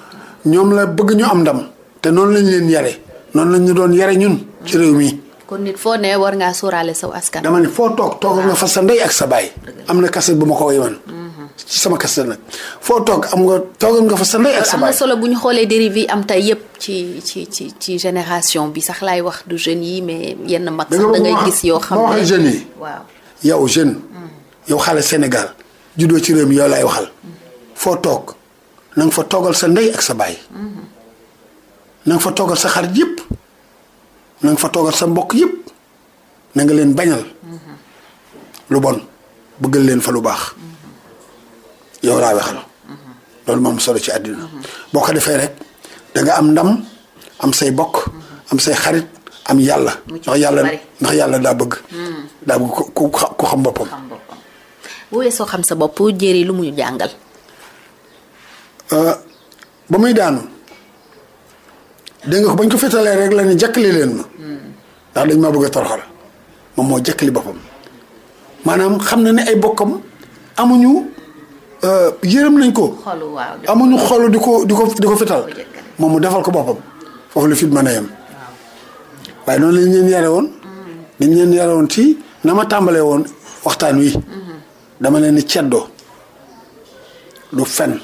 Speaker 2: ñoom la bëgg ñu am ndam te noonu lañ leen yare noonu lañ ñu doon yare ñun ci réew mi.
Speaker 1: kon nit foo ne war ngaa soraale saw askan. dama
Speaker 2: ne foo toog toog nga fa sa ndey ak sa baay. am na kaset bu ma ko woyoon. Mhm. sama kaset nag foo toog am nga toogal nga fa sa ndey ak sa baay. solo
Speaker 1: bu ñu xoolee dérive yi am tey yëpp ci ci ci ci génération bi sax laay wax du jeunes yi mais yenn mag sax da ngay gis yoo xam ne da yi. waaw
Speaker 2: yow jeune. Mhm. yow xale Sénégal. juddoo ci réew mi yow laay waxal foo toog na fa toogal sa ndey ak sa baay na fa toogal sa xarit yëpp na fa toogal sa mbokk yëpp na nga leen bañal lu bon bëggal leen fa lu baax yow laay waxal loolu moom solo ci àddina boo ko defee rek danga am ndam am say bokk am say xarit am yàlla ndax yàlla ndax yàlla daa bëgg mm. daa bëgg ku xam boppam
Speaker 1: bu weesoo xam sa bopp jéeri lu muy jàngal.
Speaker 2: Euh, ba muy daanu dégg nga ko bañ ko fetalee rek la ne jàkkali leen ma. ndax dañ ma bëgg a toroxal moom moo jàkkali boppam maanaam xam na ne ay bokkam amuñu euh, yërëm lañ ko. amuñu xolu di ko di ko di ko fetal moom mu defal ko boppam foofu la fit mën a yem waaye noonu lañ leen yare woon. dañ mm. leen yare woon ci na ma tàmbalee woon waxtaan wi. Mm-hmm. dama leen ni ceddo du fen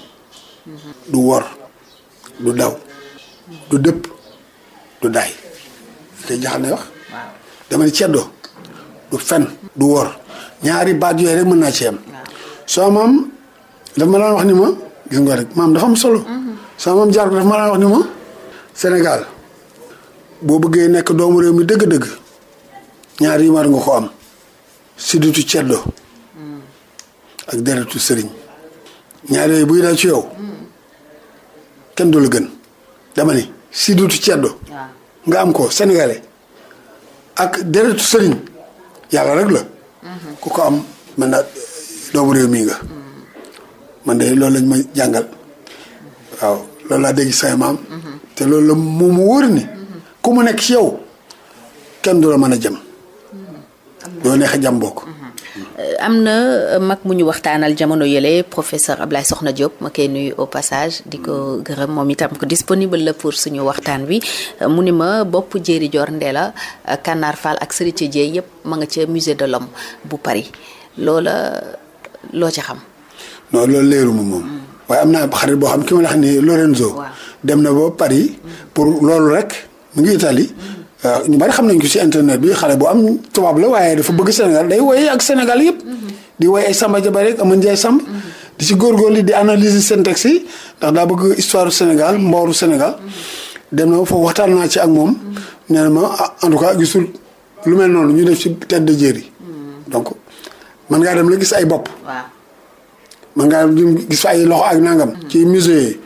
Speaker 2: du wor du daw du dëpp du daay te jaxam fen du wor ñaari baat yooyu rek mën naa ci am soo maam daf ma daan wax ni ma gis nga rek maam dafa am solo soo maam jaar ko daf ma daan wax ni ma Sénégal boo bëggee nekk doomu réew mi dëgg-dëgg ñaari yi war nga ko am si dutu ceddo ak deretu sëriñ ñaar buy daal ci yow kenn du gën dama ni si duutu ceddo nga am ko sénégalais ak deretu sëriñ yàlla rek la mhm. ku ko am mën na doomu réew mii nga mhm. man de loolu lañ ma jàngal waaw loolu laa dégg say maam mhm. te loolu la moom mu wóor ni ku mu nekk ci yow kenn du la mën a jëm doo neex a jam
Speaker 1: Euh, am na euh, mag mu ñu waxtaanal jamono yële professeur Ablaye Soxna Diop ma koy nuyu au passage di ko gërëm moom itam ko disponible la pour suñu waxtaan wi euh, mu ni ma bopp jéeri joor ndee la Kànnaar Fall ak Serigne Dieye yëpp ma nga ca musée de l'homme bu Paris loola
Speaker 2: loo ci xam. non loolu leeruma moom. Hmm. waaye am naa xarit boo xam ki ma la xam ne Lorenzo. dem na ba Paris pour loolu rek mu ngi Italie. Hmm. Euh, ñu bari xam nañ ko ci internet bi xale boo am tubaab la waaye dafa bëgg Sénégal day woy ak Sénégal yëpp. di woy ay Samba Jabar rek Amadou Ndiaye Samb. di ci góorgóorlu di analyser syntaxe yi ndax daa bëgg histoire Sénégal mbooru Sénégal. dem na foofu waxtaan naa ci ak moom. nee ma ah, en tout cas gisul lu mel noonu ñu def ci tête de jéeri. donc man ngaa dem la gis ay bopp. man ngaa gis fa ay loxo ak nangam. ci musée yi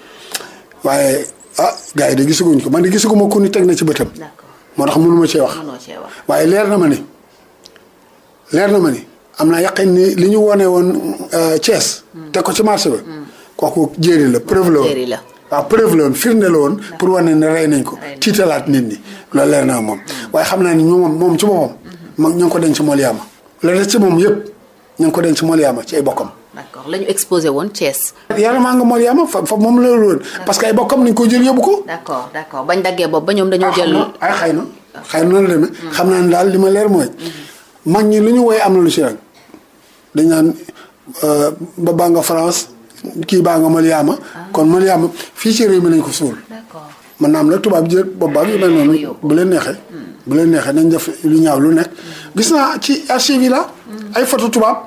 Speaker 2: waaye ah gars yi de gisaguñ ko man de gisaguma ko ni teg na ci bëtam. moo tax mënuma cee wax waaye leer na ma ni leer na ma ni am naa yaqin ni li ñu wone woon cees euh, hmm. teg ko ci marché ba. Hmm. kooku jéeri la preuve la woon waaw preuve la woon firnde la woon pour wane ne rey nañ ko tiitalaat nit ñi loolu leer na moom hmm. waaye xam naa ni ñu moom moom ci boppam. moom ñu ko denc ci mool yaama la des ci moom yëpp ñu ngi ko denc ci mool yaama ci ay bokkam. d'accord la ñu exposé woon Thiès. yàlla maa nga mool ma fa fa moom la woon. parce que ay bokkam nañu
Speaker 1: ko jël yóbbu ko. d'accord d'accord bañ daggee boobu ba ñoom dañoo ah, jël.
Speaker 2: ah xëy na ah. xëy na la mm. xam naa ne daal li ma leer mooy. Mm-hmm. mag ñi lu ñu woowee am na lu si rek dañ naan euh, ba baa nga France kii baa nga ma ah. kon Mariama fii ci réew mi lañ ko suul. d'accord man naam la tubaab jël boobaa yu mel noonu bu leen neexee. Mm. bu leen neexee nañ def lu ñaaw lu nekk. Mm. gis naa ci archive yi la. ay photo tubaab.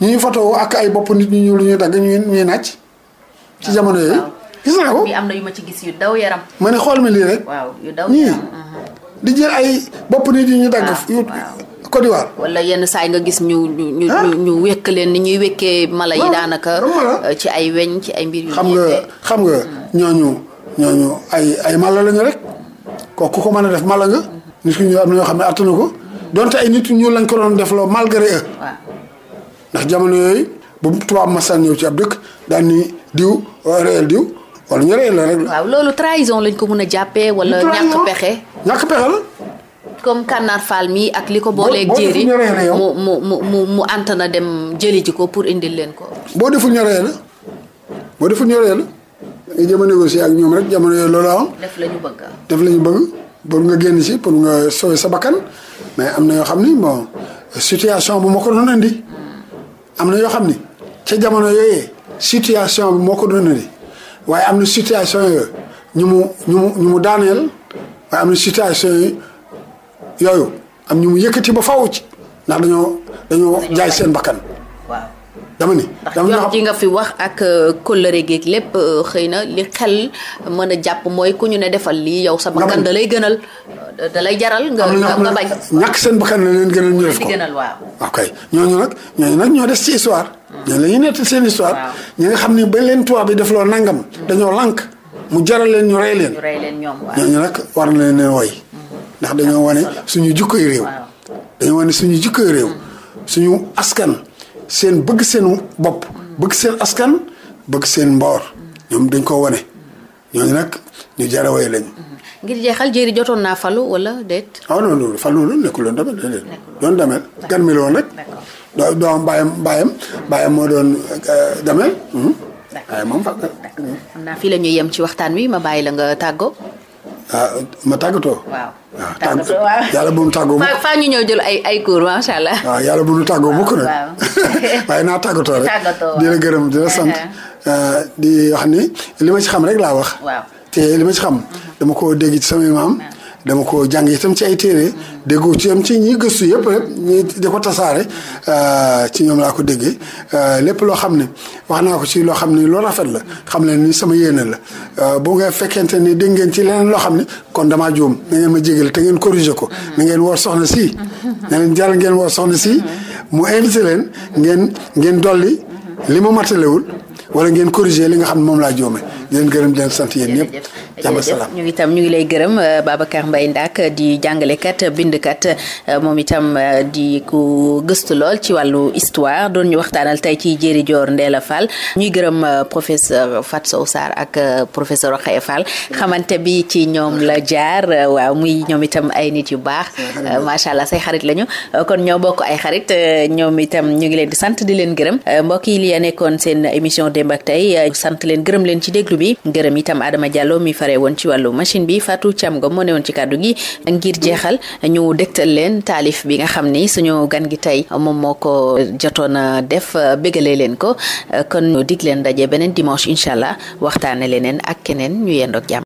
Speaker 2: ñu ñu photo ak ay bopp nit ñu ñuul ñuy dagg ñuy ñuy ci ah, jamono yooyu.
Speaker 1: gis naa ko am ma ci gis yu daw yaram. ma ne xool mi lii rek. waaw yu uh-huh.
Speaker 2: di jël ay bopp nit yu ñu
Speaker 1: dagg. Ah, yu Côte wala yenn saay nga gis ñu ñu ah? ñu ñu wekk leen ni ñuy wekkee mala yi daanaka. Uh, ci ay weñ ci ay mbir yu. xam
Speaker 2: xam nga mm-hmm. ñooñu ñooñu ay ay mala ko mën a def mala nga. Mm-hmm. nit ñu am na ñoo xam ne attanu ko mm-hmm. donte ay nit ñu lañ ko doon defloo malgré eux. ndax jamono yooyu bu tubaab masaan ñëw ci ab dëkk daan ni diw wala ñu réel la rek. waaw
Speaker 1: loolu trahison lañ ko mën a jàppee wala ñàkk pexe. ñàkk pexe la. comme kànnaar faal mi ak li ko booleeg jéeri mu mu mu mu mu ànt na dem jëli ji ko pour indil leen ko.
Speaker 2: boo deful ñu réel la boo deful ñu réel la nga jëm ak ñoom rek jamono yooyu loolu am.
Speaker 1: def la ñu bëgg
Speaker 2: def la ñu bëgg pour nga génn si pour nga sauver sa bakkan mais am na yoo xam ni bon situation bu ma ko doon indi. am na yoo xam ni ca jamono yooyee situation bi moo ko doon ni waaye am na situation yooyu ñu mu ñu mu ñu mu daaneel waaye am na situation yooyu am ñu mu yëkkati ba faw ci ndax dañoo dañoo jaay seen bakkan dama ni
Speaker 1: dama ndax ji nga fi wax ak euh, kóllëre geeg lépp euh, xëy na li xel mën a jàpp mooy ku ñu ne defal lii yow sa bakkan da lay gënal euh, da lay jaral nga nga bañ ñàkk seen
Speaker 2: bakkan la leen gënal ñu def ko gënal waaw ok ñooñu nag ñooñu nag ñoo des ci histoire hmm. ñooñu la ñuy nettal seen histoire ñi nga xam ni ba leen tubaab bi def loo nangam hmm. dañoo lànk mu jaral leen ñu rey
Speaker 1: leen ñooñu
Speaker 2: nag war na leen woy hmm. ndax dañoo wane suñu jukkoy réew dañoo wane suñu jukkoy réew suñu askan seen bëgg seenu bopp bëgg seen askan bëgg seen mboor ñoom dañ ko wane ñooñu nag ñu jarawee lañ
Speaker 1: ngir jeexal jéeri jotoon naa falu wala déet.
Speaker 2: ah non falu loolu nekkul woon damel déedéet. doon damel gan mi la woon rek. doo doo mbaayam moo doon euh, damel. waaye hmm? moom fàq. xam
Speaker 1: fii la yem ci waxtaan wi ma bàyyi
Speaker 2: la nga tàggoo. Ah, ma tàggatoo. waaw ah, yàlla bu nu tàggoo. fa
Speaker 1: faa ñu ñëw jël ay ay cours macha allah. yàlla
Speaker 2: bu nu tàggoo mukk nag. waaye naa tàggatoo rek. tàggatoo di la gërëm di la sant. Ah, di wax ni li ma ci xam rek laa wax. te li ma ci xam. Mhm. dama ko dégg ci samay maam. dama ko jàng itam ci ay téere déggoo ci itam ci ñi gëstu yëpp rek da di ko tasaare euh, ci ñoom laa ko déggee euh, lépp loo xam ne wax naa ko ci loo xam ne loo rafet la xam leen ni sama yéene la euh, boo nga fekkente ni dégg ngeen ci leneen loo xam ne kon damaa juum na ngeen ma jégal te ngeen corrigé ko na ngeen woor soxna si na leen jàll ngeen woor soxna si mu invité leen ngeen ngeen dolli li ma matalewul wala ngeen corriger li nga xam moom laa joome di leen gërëm di sant yéen ñëpp
Speaker 1: ñu itam ñu ngi lay gërëm euh, Babacar mbay Ndack euh, di jàngalekat bindkat euh, moom itam di ku gëstu lool ci wàllu histoire doon ñu waxtaanal tey ci Jéeri Joor Ndeela Fall ñuy gërëm professeur Fat Sow ak professeur Rokhaya Fall xamante bi ci ñoom la jaar waaw muy ñoom itam ay nit yu baax macha allah say xarit lañu kon ñoo bokk ay xarit ñoom itam ñu ngi leen di sant di leen gërëm mbokk yi li émission démb ak tey eh, sant leen gërëm leen ci déglu bi gërëm itam Adama Diallo mi fare woon ci wàllu machine bi Fatou Thiam Ngom moo ne ci kàddu gi ngir jeexal ñu dégtal leen taalif bi nga xam ni suñu gan gi tey moom moo ko na a def eh, bégalee leen ko eh, kon ñu dig leen daje beneen dimanche incha allah waxtaane leneen ak keneen ñu yendoog
Speaker 3: jàmm